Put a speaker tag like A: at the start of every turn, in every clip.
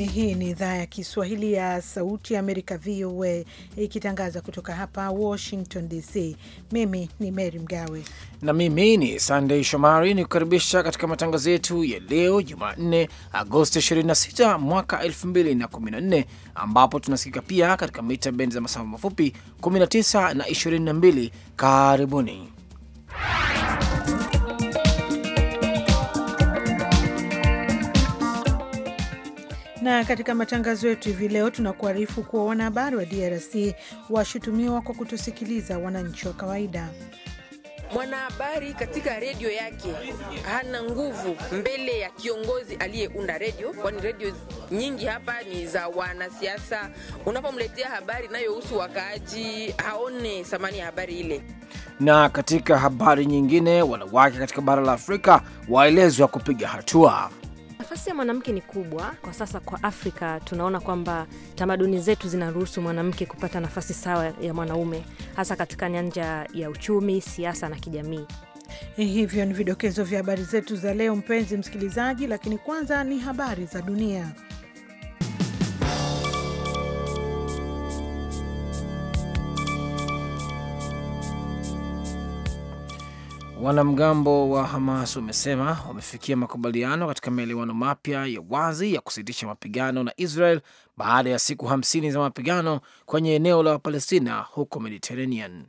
A: Hii ni idhaa ya Kiswahili ya Sauti ya Amerika, VOA, ikitangaza kutoka hapa Washington DC. Mimi ni Mary Mgawe
B: na mimi ni Sandei Shomari, ni kukaribisha katika matangazo yetu ya leo Jumanne, Agosti 26 mwaka 2014, ambapo tunasikika pia katika mita bendi za masafa mafupi 19 na 22. Karibuni
A: Na katika matangazo yetu hivi leo tunakuarifu kuwa wanahabari wa DRC washutumiwa kwa kutosikiliza wananchi wa kawaida.
C: Mwanahabari katika redio yake hana nguvu mbele ya kiongozi aliyeunda redio, kwani redio nyingi hapa ni za wanasiasa. Unapomletea habari inayohusu wakaaji, haone thamani ya habari ile.
B: Na katika habari nyingine, wanawake katika bara la Afrika waelezwa kupiga hatua.
C: Nafasi ya mwanamke ni kubwa kwa sasa. Kwa
D: Afrika tunaona kwamba tamaduni zetu zinaruhusu mwanamke kupata nafasi sawa ya mwanaume, hasa katika nyanja ya uchumi, siasa na kijamii. Eh, hivyo ni vidokezo vya habari zetu za leo, mpenzi msikilizaji, lakini kwanza ni habari za dunia.
B: Wanamgambo wa Hamas wamesema wamefikia makubaliano katika maelewano mapya ya wazi ya kusitisha mapigano na Israel baada ya siku hamsini za mapigano kwenye eneo la Wapalestina huko Mediterranean.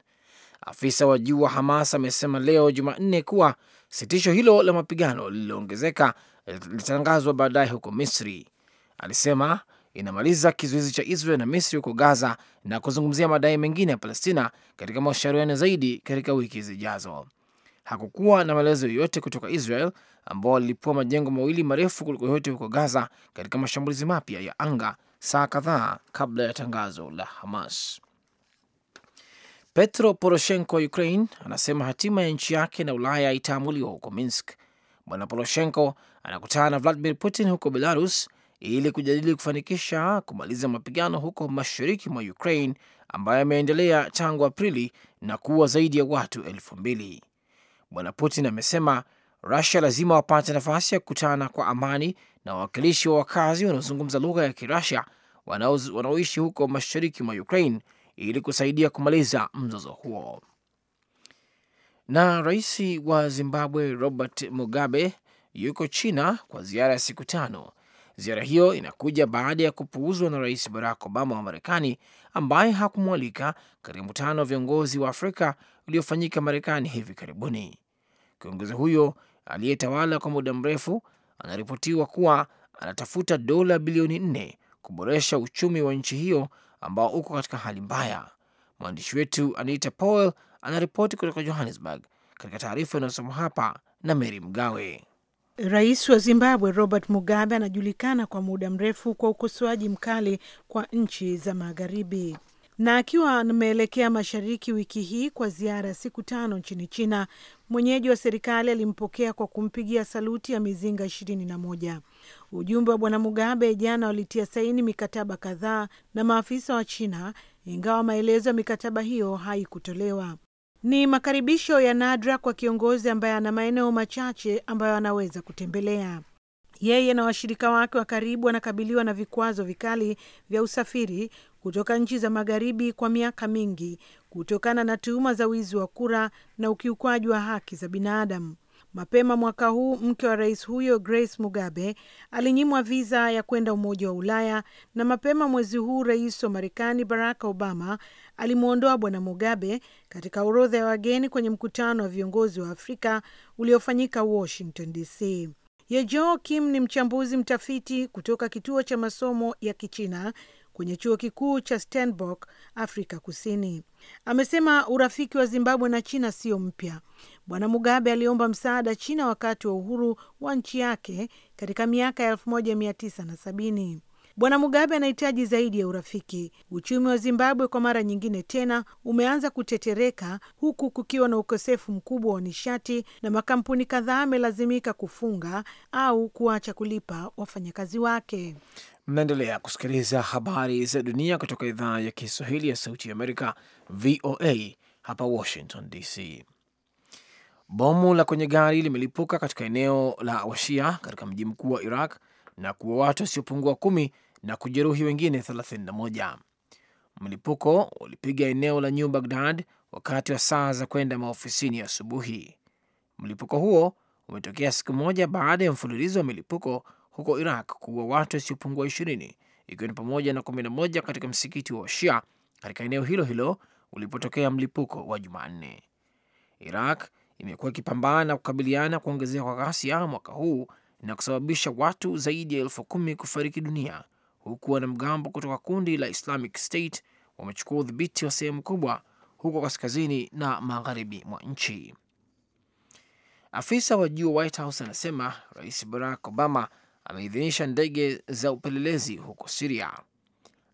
B: Afisa wa juu wa Hamas amesema leo Jumanne kuwa sitisho hilo la mapigano lililoongezeka litatangazwa baadaye huko Misri. Alisema inamaliza kizuizi cha Israel na Misri huko Gaza na kuzungumzia madai mengine ya Palestina katika mashauriano zaidi katika wiki zijazo. Hakukuwa na maelezo yoyote kutoka Israel ambao walilipua majengo mawili marefu kuliko yote huko Gaza katika mashambulizi mapya ya anga saa kadhaa kabla ya tangazo la Hamas. Petro Poroshenko wa Ukraine anasema hatima ya nchi yake na Ulaya itaamuliwa huko Minsk. Bwana Poroshenko anakutana na Vladimir Putin huko Belarus ili kujadili kufanikisha kumaliza mapigano huko mashariki mwa Ukraine ambayo yameendelea tangu Aprili na kuwa zaidi ya watu elfu mbili. Bwana Putin amesema Rusia lazima wapate nafasi ya kukutana kwa amani na wawakilishi wa wakazi wanaozungumza lugha ya Kirusia wanaoishi huko mashariki mwa Ukraine ili kusaidia kumaliza mzozo huo. Na rais wa Zimbabwe Robert Mugabe yuko China kwa ziara ya siku tano. Ziara hiyo inakuja baada ya kupuuzwa na Rais Barack Obama wa Marekani, ambaye hakumwalika katika mkutano wa viongozi wa Afrika uliofanyika Marekani hivi karibuni. Kiongozi huyo aliyetawala kwa muda mrefu anaripotiwa kuwa anatafuta dola bilioni nne kuboresha uchumi wa nchi hiyo ambao uko katika hali mbaya. Mwandishi wetu Anita Powell anaripoti kutoka Johannesburg, katika taarifa inayosoma hapa na Meri Mgawe.
A: Rais wa Zimbabwe Robert Mugabe anajulikana kwa muda mrefu kwa ukosoaji mkali kwa nchi za Magharibi na akiwa ameelekea mashariki wiki hii kwa ziara ya siku tano nchini China, mwenyeji wa serikali alimpokea kwa kumpigia saluti ya mizinga ishirini na moja. Ujumbe wa bwana Mugabe jana walitia saini mikataba kadhaa na maafisa wa China, ingawa maelezo ya mikataba hiyo haikutolewa. Ni makaribisho ya nadra kwa kiongozi ambaye ana maeneo machache ambayo anaweza kutembelea. Yeye na washirika wake wa karibu wanakabiliwa na vikwazo vikali vya usafiri kutoka nchi za magharibi kwa miaka mingi kutokana na tuhuma za wizi wa kura na ukiukwaji wa haki za binadamu. Mapema mwaka huu mke wa rais huyo Grace Mugabe alinyimwa viza ya kwenda Umoja wa Ulaya, na mapema mwezi huu rais wa Marekani Barack Obama alimwondoa bwana Mugabe katika orodha ya wageni kwenye mkutano wa viongozi wa Afrika uliofanyika Washington DC. Yejo Kim ni mchambuzi mtafiti kutoka kituo cha masomo ya Kichina kwenye chuo kikuu cha Stellenbosch, Afrika Kusini. Amesema urafiki wa Zimbabwe na China sio mpya. Bwana Mugabe aliomba msaada China wakati wa uhuru wa nchi yake katika miaka ya 1970. Bwana Mugabe anahitaji zaidi ya urafiki. Uchumi wa Zimbabwe kwa mara nyingine tena umeanza kutetereka, huku kukiwa na ukosefu mkubwa wa nishati na makampuni kadhaa amelazimika kufunga au kuacha kulipa wafanyakazi wake.
B: Mnaendelea kusikiliza habari za dunia kutoka idhaa ya Kiswahili ya Sauti ya Amerika, VOA hapa Washington DC. Bomu la kwenye gari limelipuka katika eneo la Washia katika mji mkuu wa Iraq na kuwa watu wasiopungua kumi na kujeruhi wengine 31. Mlipuko ulipiga eneo la New Baghdad wakati wa saa za kwenda maofisini asubuhi. Mlipuko huo umetokea siku moja baada ya mfululizo wa milipuko huko Iraq kuua watu wasiopungua 20 ikiwa ni pamoja na 11 katika msikiti wa Washia katika eneo hilo hilo ulipotokea mlipuko wa Jumanne. Iraq imekuwa ikipambana na kukabiliana kuongezeka kwa ghasia mwaka huu na kusababisha watu zaidi ya elfu kumi kufariki dunia huku wanamgambo kutoka kundi la Islamic State wamechukua udhibiti wa sehemu kubwa huko kaskazini na magharibi mwa nchi. Afisa wa juu wa White House anasema Rais Barack Obama ameidhinisha ndege za upelelezi huko Siria.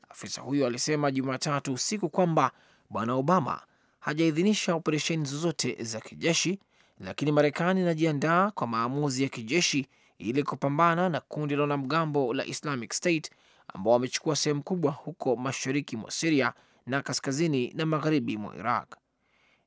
B: Afisa huyo alisema Jumatatu usiku kwamba Bwana Obama hajaidhinisha operesheni zozote za kijeshi, lakini Marekani inajiandaa kwa maamuzi ya kijeshi ili kupambana na kundi la wanamgambo la Islamic State ambao wamechukua sehemu kubwa huko mashariki mwa Siria na kaskazini na magharibi mwa Iraq.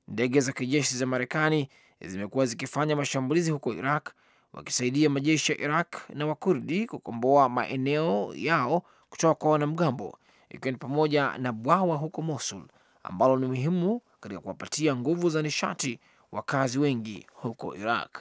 B: Ndege za kijeshi za Marekani zimekuwa zikifanya mashambulizi huko Iraq, wakisaidia majeshi ya Iraq na Wakurdi kukomboa maeneo yao kutoka kwa wanamgambo, ikiwa ni pamoja na bwawa huko Mosul ambalo ni muhimu katika kuwapatia nguvu za nishati wakazi wengi huko Iraq.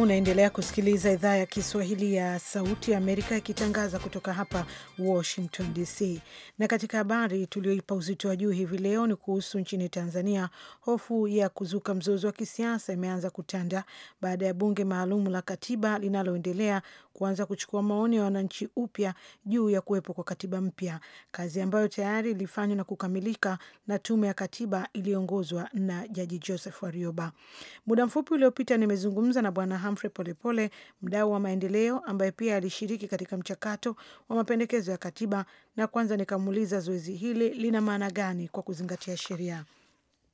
A: Unaendelea kusikiliza idhaa ya Kiswahili ya Sauti ya Amerika ikitangaza kutoka hapa Washington DC. Na katika habari tulioipa uzito wa juu hivi leo ni kuhusu nchini Tanzania, hofu ya kuzuka mzozo wa kisiasa imeanza kutanda baada ya bunge maalum la katiba linaloendelea kuanza kuchukua maoni ya wananchi upya juu ya kuwepo kwa katiba mpya, kazi ambayo tayari ilifanywa na kukamilika na tume ya katiba iliyoongozwa na Jaji Joseph Warioba. Muda mfupi uliopita nimezungumza na Bwana Humphrey Polepole, mdau wa maendeleo ambaye pia alishiriki katika mchakato wa mapendekezo ya katiba, na kwanza nikamuuliza zoezi hili lina maana gani kwa kuzingatia sheria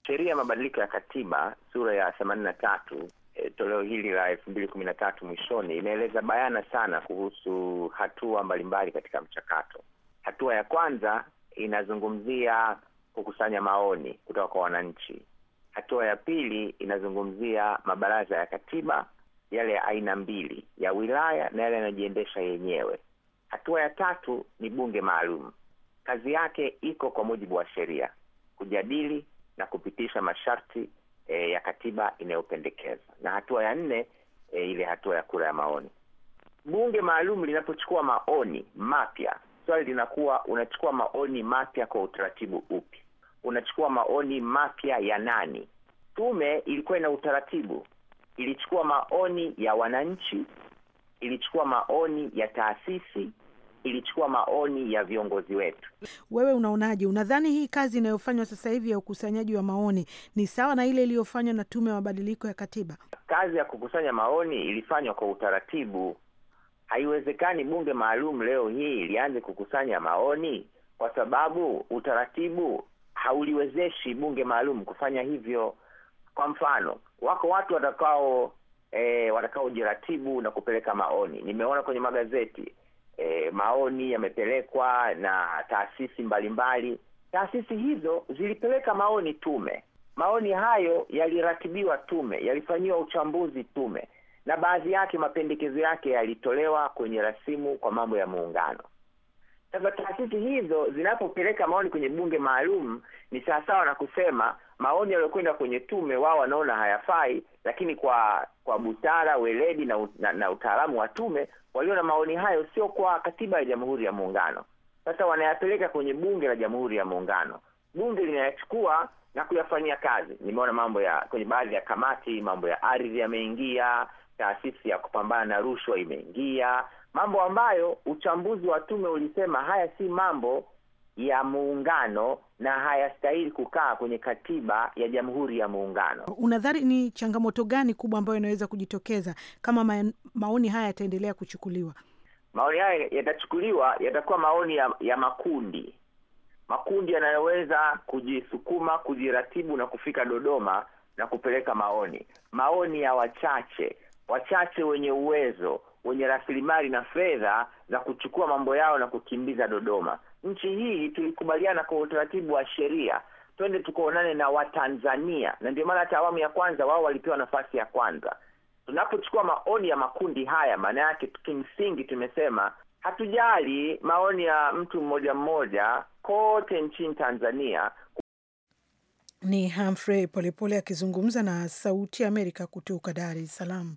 E: sheria ya mabadiliko ya katiba sura ya themanini na tatu toleo hili la elfu mbili kumi na tatu mwishoni inaeleza bayana sana kuhusu hatua mbalimbali katika mchakato. Hatua ya kwanza inazungumzia kukusanya maoni kutoka kwa wananchi. Hatua ya pili inazungumzia mabaraza ya katiba yale ya aina mbili, ya wilaya na yale yanayojiendesha yenyewe. Hatua ya tatu ni bunge maalum. Kazi yake iko kwa mujibu wa sheria, kujadili na kupitisha masharti e, ya katiba inayopendekeza. Na hatua ya nne e, ile hatua ya kura ya maoni. Bunge maalum linapochukua maoni mapya, swali linakuwa unachukua maoni mapya kwa utaratibu upi? Unachukua maoni mapya ya nani? Tume ilikuwa ina utaratibu, ilichukua maoni ya wananchi, ilichukua maoni ya taasisi ilichukua maoni ya viongozi wetu.
A: Wewe unaonaje? Unadhani hii kazi inayofanywa sasa hivi ya ukusanyaji wa maoni ni sawa na ile iliyofanywa na Tume ya Mabadiliko ya Katiba?
E: Kazi ya kukusanya maoni ilifanywa kwa utaratibu. Haiwezekani bunge maalum leo hii lianze kukusanya maoni, kwa sababu utaratibu hauliwezeshi bunge maalum kufanya hivyo. Kwa mfano, wako watu watakao e, eh, watakaojiratibu na kupeleka maoni. Nimeona kwenye magazeti e, maoni yamepelekwa na taasisi mbalimbali. Taasisi hizo zilipeleka maoni tume, maoni hayo yaliratibiwa tume, yalifanyiwa uchambuzi tume, na baadhi yake mapendekezo yake yalitolewa kwenye rasimu kwa mambo ya muungano. Sasa taasisi hizo zinapopeleka maoni kwenye bunge maalum ni sawasawa na kusema maoni yaliyokwenda kwenye tume wao wanaona hayafai, lakini kwa kwa busara, weledi na, na, na utaalamu wa tume waliona maoni hayo sio kwa katiba ya Jamhuri ya Muungano. Sasa wanayapeleka kwenye bunge la Jamhuri ya Muungano, bunge linayachukua na kuyafanyia kazi. Nimeona mambo ya kwenye baadhi ya kamati, mambo ya ardhi yameingia, taasisi ya kupambana na rushwa imeingia, mambo ambayo uchambuzi wa tume ulisema haya si mambo ya muungano na hayastahili kukaa kwenye katiba ya Jamhuri ya Muungano.
A: Unadhani ni changamoto gani kubwa ambayo inaweza kujitokeza kama ma maoni haya yataendelea kuchukuliwa?
E: Maoni haya yatachukuliwa, yatakuwa maoni ya, ya makundi makundi yanayoweza kujisukuma, kujiratibu na kufika Dodoma na kupeleka maoni, maoni ya wachache, wachache wenye uwezo, wenye rasilimali na fedha za kuchukua mambo yao na kukimbiza Dodoma nchi hii tulikubaliana kwa utaratibu wa sheria, twende tukaonane na Watanzania, na ndio maana hata awamu ya kwanza wao walipewa nafasi ya kwanza. Tunapochukua maoni ya makundi haya, maana yake kimsingi tumesema hatujali maoni ya mtu mmoja mmoja kote nchini Tanzania.
A: Ni hamfrey Polepole akizungumza na Sauti Amerika kutoka Dar es Salaam.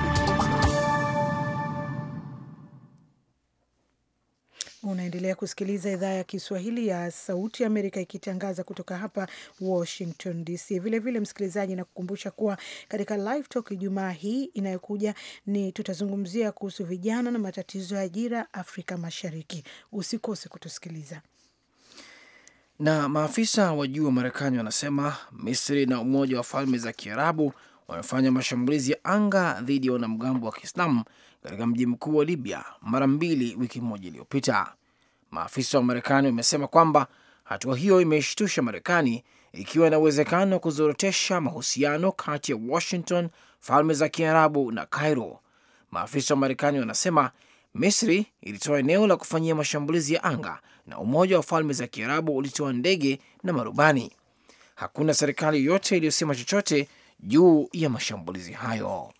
A: Unaendelea kusikiliza idhaa ya Kiswahili ya Sauti Amerika ikitangaza kutoka hapa Washington DC. Vilevile msikilizaji, nakukumbusha kuwa katika Live Talk Ijumaa hii inayokuja ni tutazungumzia kuhusu vijana na matatizo ya ajira Afrika Mashariki. Usikose kutusikiliza.
B: Na maafisa wa juu wa Marekani wanasema Misri na Umoja wa Falme za Kiarabu wamefanya mashambulizi ya anga dhidi ya wanamgambo wa Kiislamu katika mji mkuu wa Libya mara mbili wiki moja iliyopita. Maafisa wa Marekani wamesema kwamba hatua hiyo imeishtusha Marekani, ikiwa na uwezekano wa kuzorotesha mahusiano kati ya Washington, Falme za Kiarabu na Cairo. Maafisa wa Marekani wanasema Misri ilitoa eneo la kufanyia mashambulizi ya anga na Umoja wa Falme za Kiarabu ulitoa ndege na marubani. Hakuna serikali yoyote iliyosema chochote juu ya mashambulizi hayo.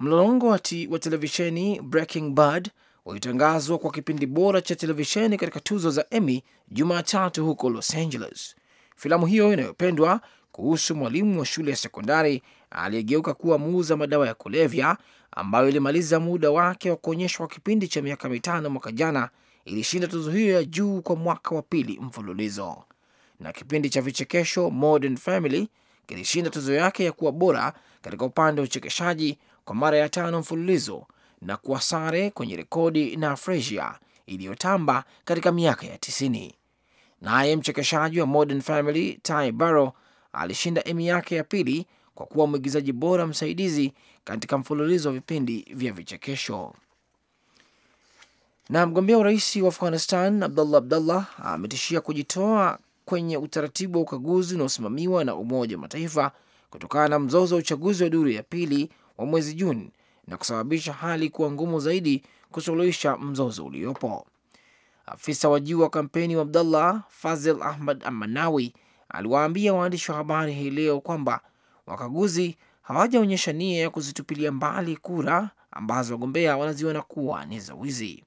B: Mlolongo wa televisheni Breaking Bad ulitangazwa kwa kipindi bora cha televisheni katika tuzo za Emmy Jumatatu huko Los Angeles. Filamu hiyo inayopendwa kuhusu mwalimu wa shule ya sekondari aliyegeuka kuwa muuza madawa ya kulevya, ambayo ilimaliza muda wake wa kuonyeshwa kwa kipindi cha miaka mitano mwaka jana, ilishinda tuzo hiyo ya juu kwa mwaka wa pili mfululizo. Na kipindi cha vichekesho Modern Family kilishinda tuzo yake ya kuwa bora katika upande wa uchekeshaji kwa mara ya tano mfululizo na kuwa sare kwenye rekodi na Frasier iliyotamba katika miaka ya tisini. Naye mchekeshaji wa Modern Family Ty Burrell alishinda Emmy yake ya pili kwa kuwa mwigizaji bora msaidizi katika mfululizo wa vipindi vya vichekesho. Na mgombea urais wa Afghanistan Abdullah Abdullah ametishia kujitoa kwenye utaratibu wa ukaguzi unaosimamiwa na Umoja wa Mataifa kutokana na mzozo wa uchaguzi wa duru ya pili wa mwezi Juni na kusababisha hali kuwa ngumu zaidi kusuluhisha mzozo uliopo. Afisa wa juu wa kampeni wa abdullah Fazil Ahmad Amanawi aliwaambia waandishi wa habari hii leo kwamba wakaguzi hawajaonyesha nia ya kuzitupilia mbali kura ambazo wagombea wanaziona kuwa ni za wizi.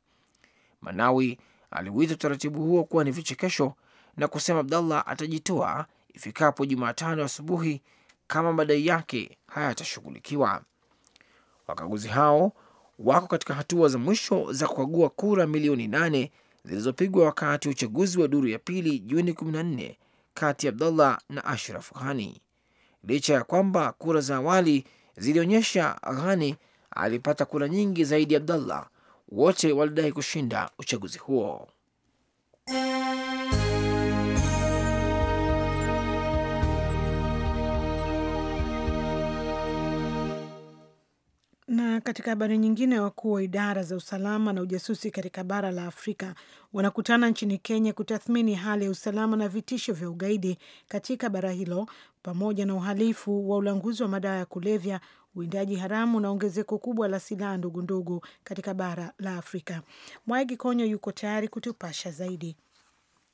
B: Manawi aliuita utaratibu huo kuwa ni vichekesho na kusema Abdallah atajitoa ifikapo Jumatano asubuhi kama madai yake hayatashughulikiwa. Wakaguzi hao wako katika hatua za mwisho za kukagua kura milioni nane zilizopigwa wakati wa uchaguzi wa duru ya pili Juni 14 kati ya Abdullah na Ashraf Ghani. Licha ya kwamba kura za awali zilionyesha Ghani alipata kura nyingi zaidi ya Abdullah, wote walidai kushinda uchaguzi huo.
A: Na katika habari nyingine, wakuu wa idara za usalama na ujasusi katika bara la Afrika wanakutana nchini Kenya kutathmini hali ya usalama na vitisho vya ugaidi katika bara hilo pamoja na uhalifu wa ulanguzi wa madawa ya kulevya, uwindaji haramu na ongezeko kubwa la silaha ndogo ndogo katika bara la Afrika. Mwaigi Konyo yuko tayari kutupasha zaidi.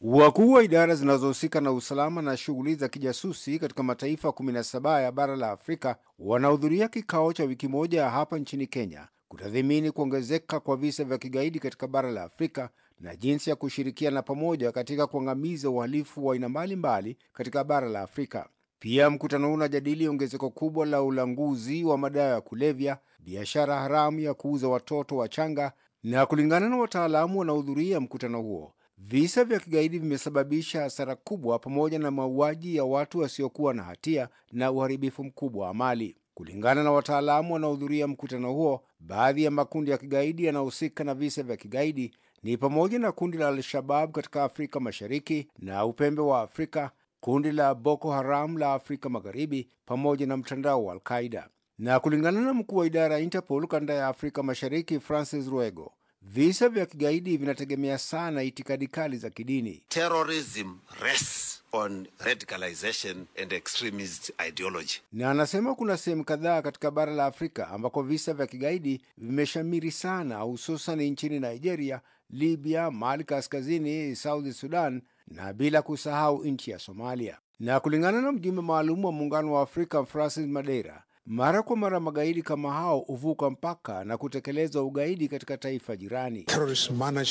F: Wakuu wa idara zinazohusika na usalama na shughuli za kijasusi katika mataifa 17 ya bara la Afrika wanahudhuria kikao cha wiki moja hapa nchini Kenya kutathimini kuongezeka kwa visa vya kigaidi katika bara la Afrika na jinsi ya kushirikiana pamoja katika kuangamiza uhalifu wa aina mbalimbali katika bara la Afrika. Pia mkutano huu unajadili ongezeko kubwa la ulanguzi wa madawa ya kulevya, biashara haramu ya kuuza watoto wachanga, na kulingana na wataalamu wanaohudhuria mkutano huo Visa vya kigaidi vimesababisha hasara kubwa pamoja na mauaji ya watu wasiokuwa na hatia na uharibifu mkubwa wa mali. Kulingana na wataalamu wanaohudhuria mkutano huo, baadhi ya makundi ya kigaidi yanayohusika na visa vya kigaidi ni pamoja na kundi la Al-Shabab katika Afrika Mashariki na upembe wa Afrika, kundi la Boko Haram la Afrika Magharibi pamoja na mtandao wa Al-Qaida. Na kulingana na mkuu wa idara ya Interpol kanda ya Afrika Mashariki, Francis Ruego, Visa vya kigaidi vinategemea sana itikadi kali za kidini. Terrorism rests on radicalization and extremist ideology. Na anasema kuna sehemu kadhaa katika bara la Afrika ambako visa vya kigaidi vimeshamiri sana, hususan nchini Nigeria, Libya, Mali Kaskazini, South Sudan na bila kusahau nchi ya Somalia. Na kulingana na mjumbe maalum wa Muungano wa Afrika Francis Madeira, mara kwa mara magaidi kama hao huvuka mpaka na kutekeleza ugaidi katika taifa jirani.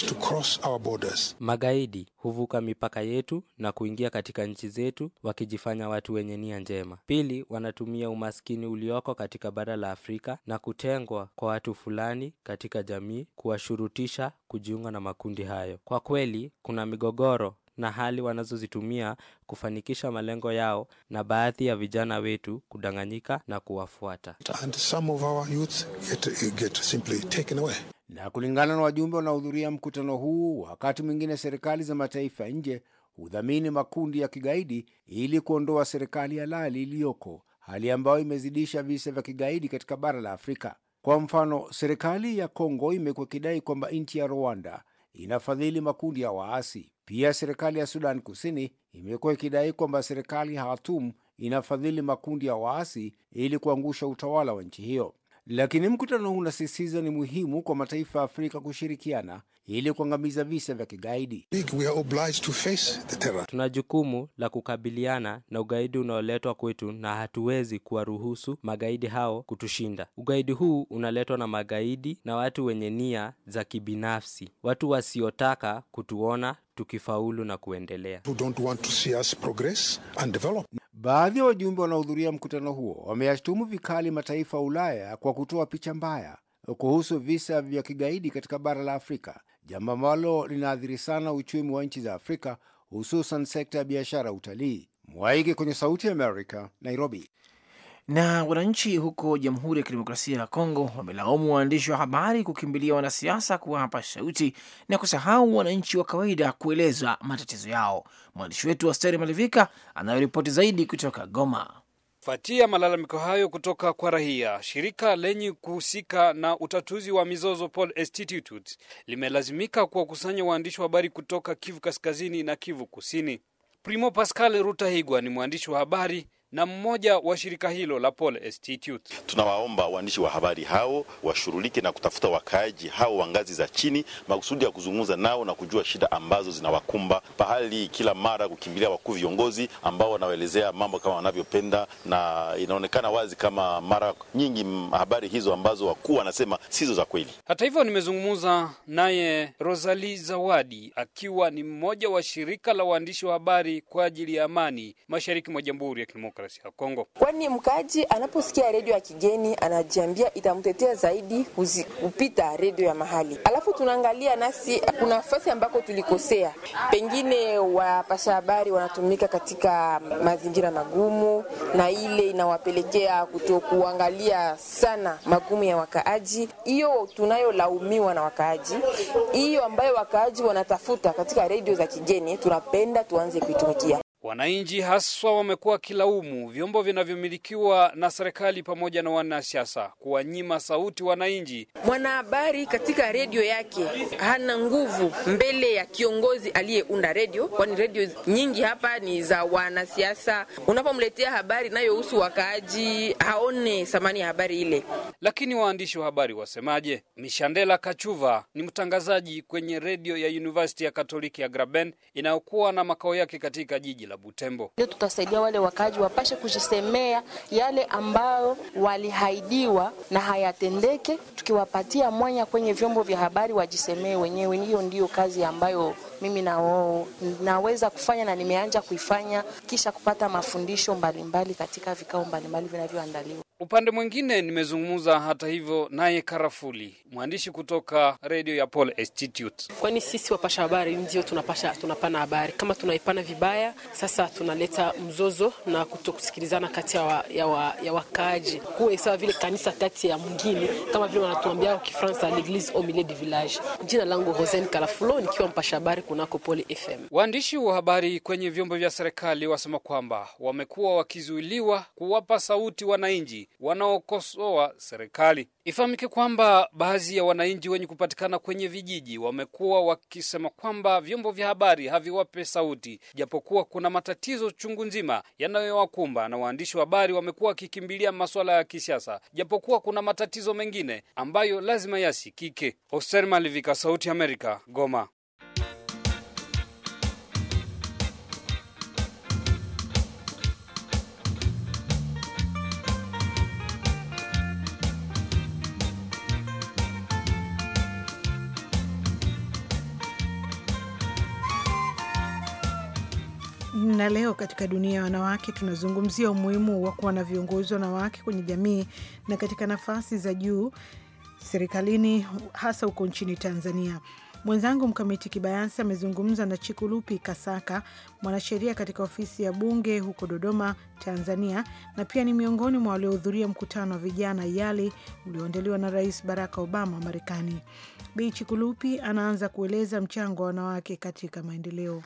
F: To cross our borders. Magaidi
C: huvuka mipaka yetu na kuingia katika nchi zetu wakijifanya watu wenye nia njema. Pili, wanatumia umaskini ulioko katika bara la Afrika na kutengwa kwa watu fulani katika jamii kuwashurutisha kujiunga na makundi hayo. Kwa kweli kuna migogoro na hali wanazozitumia kufanikisha malengo yao na baadhi ya vijana wetu kudanganyika na kuwafuata
F: Na kulingana na wajumbe wanaohudhuria mkutano huu, wakati mwingine serikali za mataifa nje hudhamini makundi ya kigaidi ili kuondoa serikali halali iliyoko, hali ambayo imezidisha visa vya kigaidi katika bara la Afrika. Kwa mfano, serikali ya Kongo imekuwa ikidai kwamba nchi ya Rwanda inafadhili makundi ya waasi. Pia serikali ya Sudan Kusini imekuwa ikidai kwamba serikali ya Khartoum inafadhili makundi ya waasi ili kuangusha utawala wa nchi hiyo. Lakini mkutano huu unasisitiza ni muhimu kwa mataifa ya Afrika kushirikiana ili kuangamiza visa vya kigaidi.
C: Tuna jukumu la kukabiliana na ugaidi unaoletwa kwetu na hatuwezi kuwaruhusu magaidi hao kutushinda. Ugaidi huu unaletwa na magaidi na watu wenye nia za kibinafsi, watu wasiotaka kutuona
F: tukifaulu na kuendelea. Baadhi ya wajumbe wanaohudhuria mkutano huo wameashtumu vikali mataifa ya Ulaya kwa kutoa picha mbaya kuhusu visa vya kigaidi katika bara la Afrika, jambo ambalo linaathiri sana uchumi wa nchi za Afrika, hususan sekta ya biashara utalii. Mwaige kwenye Sauti ya Amerika, Nairobi. Na wananchi huko Jamhuri ya Kidemokrasia ya Kongo wamelaumu waandishi
B: wa habari kukimbilia wanasiasa kuwapa sauti na kusahau wananchi wa kawaida kueleza matatizo yao. Mwandishi wetu Asteri Malivika anayoripoti zaidi kutoka Goma.
G: Kufuatia malalamiko hayo kutoka kwa raia, shirika lenye kuhusika na utatuzi wa mizozo Paul Institute limelazimika kuwakusanya waandishi wa habari kutoka Kivu Kaskazini na Kivu Kusini. Primo Pascal Rutahigwa ni mwandishi wa habari na mmoja wa shirika hilo la Paul Institute.
F: Tunawaomba waandishi wa habari hao washughulike na kutafuta wakaaji hao wa ngazi za chini, makusudi ya kuzungumza nao na kujua shida ambazo zinawakumba pahali, kila mara kukimbilia wakuu viongozi ambao wanawaelezea mambo kama wanavyopenda, na inaonekana wazi kama mara nyingi habari hizo ambazo wakuu wanasema sizo za kweli.
G: Hata hivyo, nimezungumza naye Rosalie Zawadi akiwa ni mmoja wa shirika la waandishi wa habari kwa ajili ya amani mashariki mwa Jamhuri ya Kidemokrasia Kidemokrasia ya Kongo,
C: kwani mkaji anaposikia redio ya kigeni anajiambia itamtetea zaidi kuzi, kupita redio ya mahali. Alafu tunaangalia nasi kuna nafasi ambako tulikosea, pengine wapasha habari wanatumika katika mazingira magumu, na ile inawapelekea kutokuangalia sana magumu ya wakaaji. Hiyo tunayolaumiwa na wakaaji, hiyo ambayo wakaaji wanatafuta katika redio za kigeni, tunapenda tuanze kuitumikia.
G: Wananchi haswa wamekuwa wakilaumu vyombo vinavyomilikiwa na serikali pamoja na wanasiasa kuwanyima sauti wananchi.
C: Mwanahabari katika redio yake hana nguvu mbele ya kiongozi aliyeunda redio, kwani redio nyingi hapa ni za wanasiasa. Unapomletea habari inayohusu
G: wakaaji, haone thamani ya habari ile. Lakini waandishi wa habari wasemaje? Mishandela Kachuva ni mtangazaji kwenye redio ya University ya Katoliki ya Graben inayokuwa na makao yake katika jiji la la Butembo.
C: Tutasaidia wale wakaaji wapashe kujisemea yale ambayo walihaidiwa na hayatendeke, tukiwapatia mwanya kwenye vyombo vya habari wajisemee wenyewe. Hiyo ndiyo kazi ambayo mimi na wao naweza kufanya na nimeanja kuifanya, kisha kupata mafundisho mbalimbali mbali katika vikao mbalimbali vinavyoandaliwa.
G: Upande mwingine nimezungumza hata hivyo naye Karafuli, mwandishi kutoka redio ya Paul Institute.
C: Kwani sisi wapasha habari ndio tunapasha, tunapana habari kama tunaipana vibaya, sasa tunaleta mzozo na kutokusikilizana kati ya, wa, ya, wa, ya wakaaji, kuwe sawa vile kanisa kati ya mwingine, kama vile wanatuambia Kifransa, l'eglise au milieu du village. Jina langu Rosen Karafulo, nikiwa mpasha habari kunako Poli FM.
G: Waandishi wa habari kwenye vyombo vya serikali wasema kwamba wamekuwa wakizuiliwa kuwapa sauti wananchi wanaokosoa serikali. Ifahamike kwamba baadhi ya wananchi wenye kupatikana kwenye vijiji wamekuwa wakisema kwamba vyombo vya habari haviwape sauti, japokuwa kuna matatizo chungu nzima yanayowakumba, na waandishi wa habari wamekuwa wakikimbilia masuala ya kisiasa, japokuwa kuna matatizo mengine ambayo lazima yasikike. Malivika, Sauti Amerika, Goma.
A: na leo katika dunia ya wanawake tunazungumzia umuhimu wa kuwa na viongozi wanawake kwenye jamii na katika nafasi za juu serikalini, hasa huko nchini Tanzania. Mwenzangu Mkamiti Kibayasi amezungumza na Chikulupi Kasaka, mwanasheria katika ofisi ya Bunge huko Dodoma, Tanzania, na pia ni miongoni mwa waliohudhuria mkutano wa vijana YALI ulioandaliwa na Rais Barack Obama wa Marekani. Bi Chikulupi anaanza kueleza mchango wa wanawake katika maendeleo.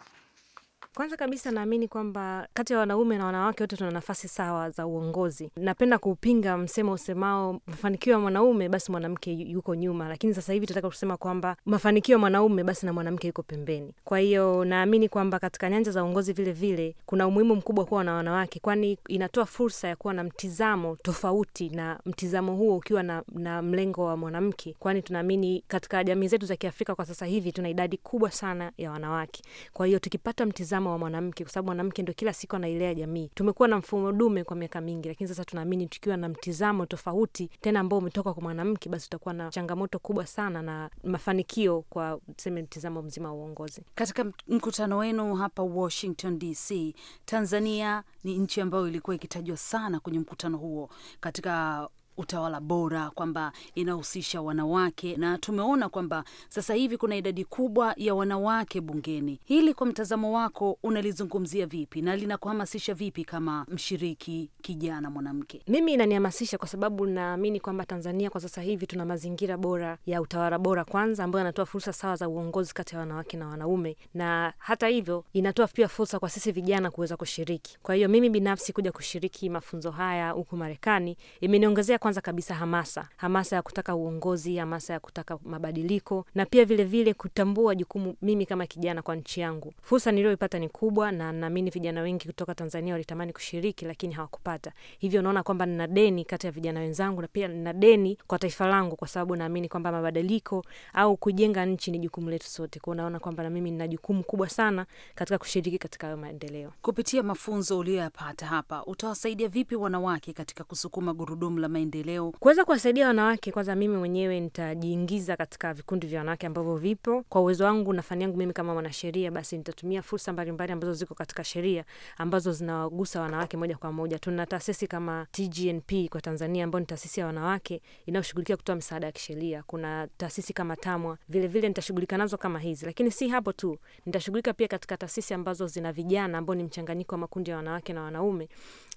D: Kwanza kabisa naamini kwamba kati ya wanaume na wanawake wote tuna nafasi sawa za uongozi. Napenda kuupinga msemo usemao mafanikio ya mwanaume basi mwanamke yuko nyuma, lakini sasa hivi tunataka kusema kwamba mafanikio ya mwanaume basi na mwanamke yuko pembeni. Kwa hiyo naamini kwamba katika nyanja za uongozi vile vile kuna umuhimu mkubwa kuwa na wanawake, kwani inatoa fursa ya kuwa na mtizamo tofauti, na mtizamo huo ukiwa na, na mlengo wa mwanamke, kwani tunaamini katika jamii zetu za Kiafrika kwa sasa hivi tuna idadi kubwa sana ya wanawake. Kwa hiyo tukipata mtizamo mfumo wa mwanamke, kwa sababu mwanamke ndo kila siku anailea jamii. Tumekuwa na mfumo dume kwa miaka mingi, lakini sasa tunaamini tukiwa na mtizamo tofauti tena ambao umetoka kwa mwanamke, basi utakuwa na changamoto kubwa sana na mafanikio kwa tuseme mtizamo mzima wa uongozi. Katika mkutano wenu hapa Washington DC, Tanzania ni nchi ambayo ilikuwa ikitajwa sana kwenye mkutano huo katika utawala bora, kwamba inahusisha wanawake, na tumeona kwamba sasa hivi kuna idadi kubwa ya wanawake bungeni. Hili kwa mtazamo wako unalizungumzia vipi na linakuhamasisha vipi kama mshiriki kijana mwanamke? Mimi inanihamasisha kwa sababu naamini kwamba Tanzania kwa sasa hivi tuna mazingira bora ya utawala bora kwanza, ambayo yanatoa fursa sawa za uongozi kati ya wanawake na wanaume, na hata hivyo inatoa pia fursa kwa sisi vijana kuweza kushiriki. Kwa hiyo mimi binafsi kuja kushiriki mafunzo haya huku Marekani imeniongezea kwanza kabisa hamasa, hamasa ya kutaka uongozi, hamasa ya kutaka mabadiliko, na pia vilevile vile kutambua jukumu mimi kama kijana kwa nchi yangu. Fursa niliyoipata ni kubwa, na naamini vijana wengi kutoka Tanzania walitamani kushiriki, lakini hawakupata. Hivyo naona kwamba nina deni kati ya vijana wenzangu, na pia nina deni kwa taifa langu, kwa sababu naamini kwamba mabadiliko au kujenga nchi ni jukumu letu sote. Kwao naona kwamba na mimi nina jukumu kubwa sana katika kushiriki katika hayo maendeleo. Kupitia mafunzo uliyoyapata hapa, utawasaidia vipi wanawake katika kusukuma gurudumu la maendeleo maendeleo kuweza kuwasaidia wanawake. Kwanza mimi mwenyewe nitajiingiza katika vikundi vya wanawake ambavyo vipo kwa uwezo wangu na fani yangu mimi kama mwanasheria, basi nitatumia fursa mbalimbali ambazo ziko katika sheria ambazo zinawagusa wanawake moja kwa moja. Tuna taasisi kama TGNP kwa Tanzania ambayo ni taasisi ya wanawake inayoshughulikia kutoa msaada ya kisheria. Kuna taasisi kama TAMWA vilevile nitashughulika nazo kama hizi, lakini si hapo tu, nitashughulika pia katika taasisi ambazo zina vijana ambao ni mchanganyiko wa makundi ya wanawake na wanaume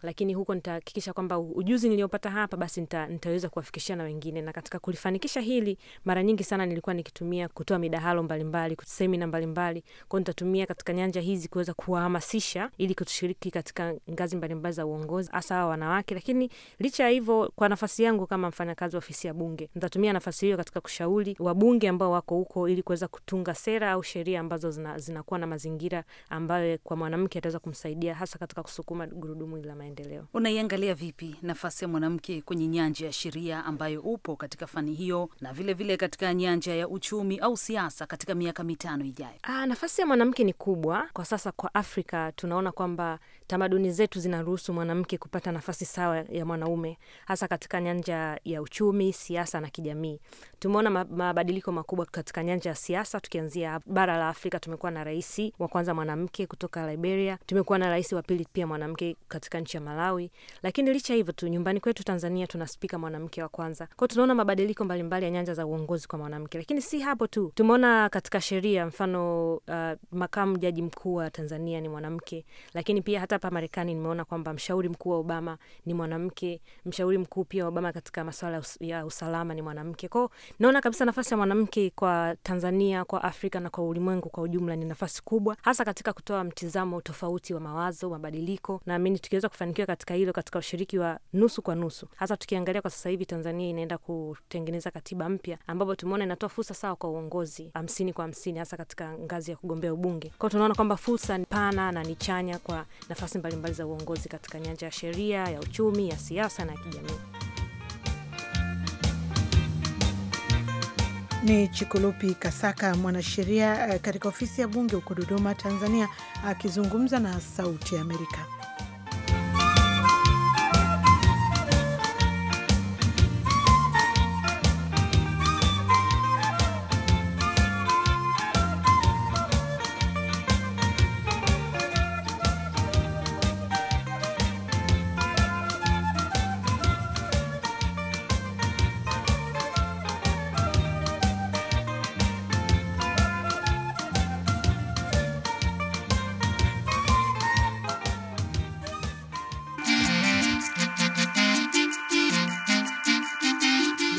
D: lakini huko nitahakikisha kwamba ujuzi niliopata hapa basi nita, nitaweza kuwafikishia na wengine. Na katika kulifanikisha hili, mara nyingi sana nilikuwa nikitumia kutoa midahalo mbalimbali, semina mbalimbali, kwao nitatumia katika nyanja hizi kuweza kuwahamasisha ili kutushiriki katika ngazi mbalimbali za uongozi, hasa hawa wanawake. Lakini licha ya hivyo, kwa nafasi yangu kama mfanyakazi wa ofisi ya Bunge, nitatumia nafasi hiyo katika kushauri wabunge ambao wako huko ili kuweza kutunga sera au sheria ambazo zinakuwa zina na mazingira ambayo kwa mwanamke ataweza kumsaidia hasa katika kusukuma gurudumu la maendeleo maendeleo. Unaiangalia vipi nafasi ya mwanamke kwenye nyanja ya sheria ambayo upo katika fani hiyo na vilevile vile katika nyanja ya uchumi au siasa katika miaka mitano ijayo? Ah, nafasi ya mwanamke ni kubwa kwa sasa. Kwa Afrika tunaona kwamba tamaduni zetu zinaruhusu mwanamke kupata nafasi sawa ya mwanaume, hasa katika nyanja ya uchumi, siasa na kijamii. Tumeona mabadiliko makubwa katika nyanja ya siasa, tukianzia bara la Afrika. Tumekuwa na rais wa kwanza mwanamke kutoka Liberia, tumekuwa na rais wa pili pia mwanamke katika nchi Malawi, lakini licha hivyo tu nyumbani kwetu Tanzania tuna spika mwanamke wa kwanza. kwao tunaona mabadiliko mbalimbali ya nyanja za uongozi kwa mwanamke, lakini si hapo tu. Tumeona katika sheria mfano, uh, makamu jaji mkuu wa Tanzania ni mwanamke, lakini pia hata hapa Marekani nimeona kwamba mshauri mkuu wa Obama ni mwanamke, mshauri mkuu pia wa Obama katika masuala ya usalama ni mwanamke. Kwao naona kabisa nafasi ya mwanamke kwa Tanzania, kwa Afrika na kwa ulimwengu kwa ujumla ni nafasi kubwa, hasa katika kutoa mtizamo tofauti wa mawazo, mabadiliko. Naamini tukiweza kufanya tumefanikiwa katika hilo, katika ushiriki wa nusu kwa nusu, hasa tukiangalia kwa sasa hivi Tanzania inaenda kutengeneza katiba mpya, ambapo tumeona inatoa fursa sawa kwa uongozi hamsini kwa hamsini, hasa katika ngazi ya kugombea ubunge. Kwao tunaona kwamba fursa ni pana na ni chanya kwa nafasi mbalimbali za uongozi katika nyanja ya sheria, ya uchumi, ya siasa na ya kijamii.
A: Ni Chikulupi Kasaka, mwanasheria eh, katika ofisi ya bunge huko Dodoma, Tanzania, akizungumza na Sauti Amerika.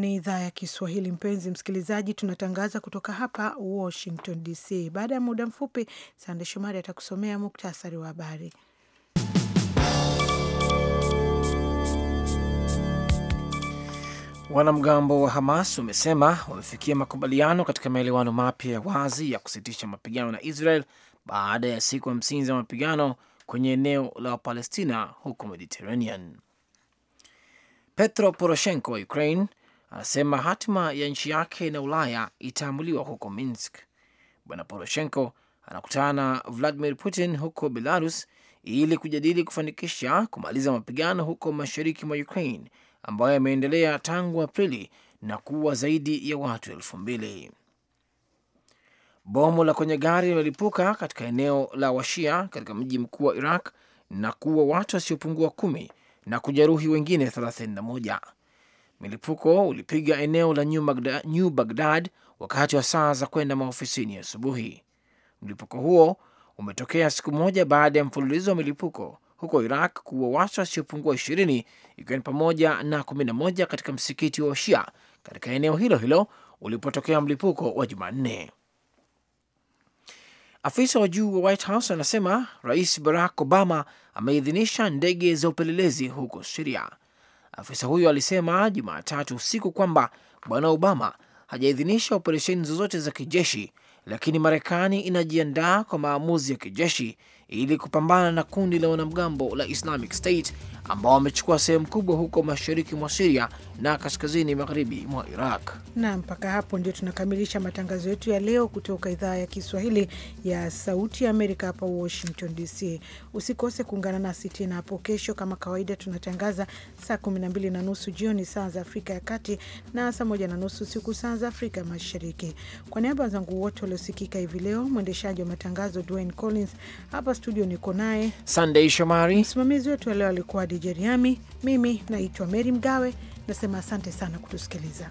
A: ni idhaa ya Kiswahili. Mpenzi msikilizaji, tunatangaza kutoka hapa Washington DC. Baada ya muda mfupi, Sande Shomari atakusomea muktasari wa habari.
B: Wanamgambo wa Hamas wamesema wamefikia makubaliano katika maelewano mapya ya wazi ya kusitisha mapigano na Israel baada ya siku hamsini za mapigano kwenye eneo la Wapalestina huko Mediterranean. Petro Poroshenko wa Ukraine anasema hatima ya nchi yake na Ulaya itaamuliwa huko Minsk. Bwana Poroshenko anakutana na Vladimir Putin huko Belarus ili kujadili kufanikisha kumaliza mapigano huko mashariki mwa Ukraine ambayo yameendelea tangu Aprili na kuwa zaidi ya watu elfu mbili. Bomu la kwenye gari limelipuka katika eneo la Washia katika mji mkuu wa Iraq na kuwa watu wasiopungua kumi na kujeruhi wengine moja Milipuko ulipiga eneo la New Baghdad wakati wa saa za kwenda maofisini asubuhi. Mlipuko huo umetokea siku moja baada ya mfululizo wa milipuko huko Iraq kuwa watu wasiopungua ishirini ikiwa ni pamoja na kumi na moja katika msikiti wa Shia katika eneo hilo hilo ulipotokea mlipuko wa Jumanne. Afisa wa juu wa White House anasema Rais Barack Obama ameidhinisha ndege za upelelezi huko Siria. Afisa huyo alisema Jumatatu usiku kwamba bwana Obama hajaidhinisha operesheni zozote za kijeshi, lakini Marekani inajiandaa kwa maamuzi ya kijeshi ili kupambana na kundi la wanamgambo la Islamic State ambao wamechukua sehemu kubwa huko mashariki mwa Siria na kaskazini magharibi mwa Iraq.
A: Na mpaka hapo ndio tunakamilisha matangazo yetu ya leo kutoka idhaa ya Kiswahili ya Sauti ya Amerika hapa Washington DC. Usikose kuungana nasi tena hapo kesho kama kawaida, tunatangaza saa 12 na nusu jioni saa za Afrika ya Kati na saa moja na nusu usiku saa za Afrika Mashariki. Kwa niaba wenzangu wote waliosikika hivi leo, mwendeshaji wa matangazo Dwayne Collins hapa studio niko naye Sunday Shomari, msimamizi wetu leo alikuwa dijeriami mimi naitwa Meri Mgawe, nasema asante sana kutusikiliza.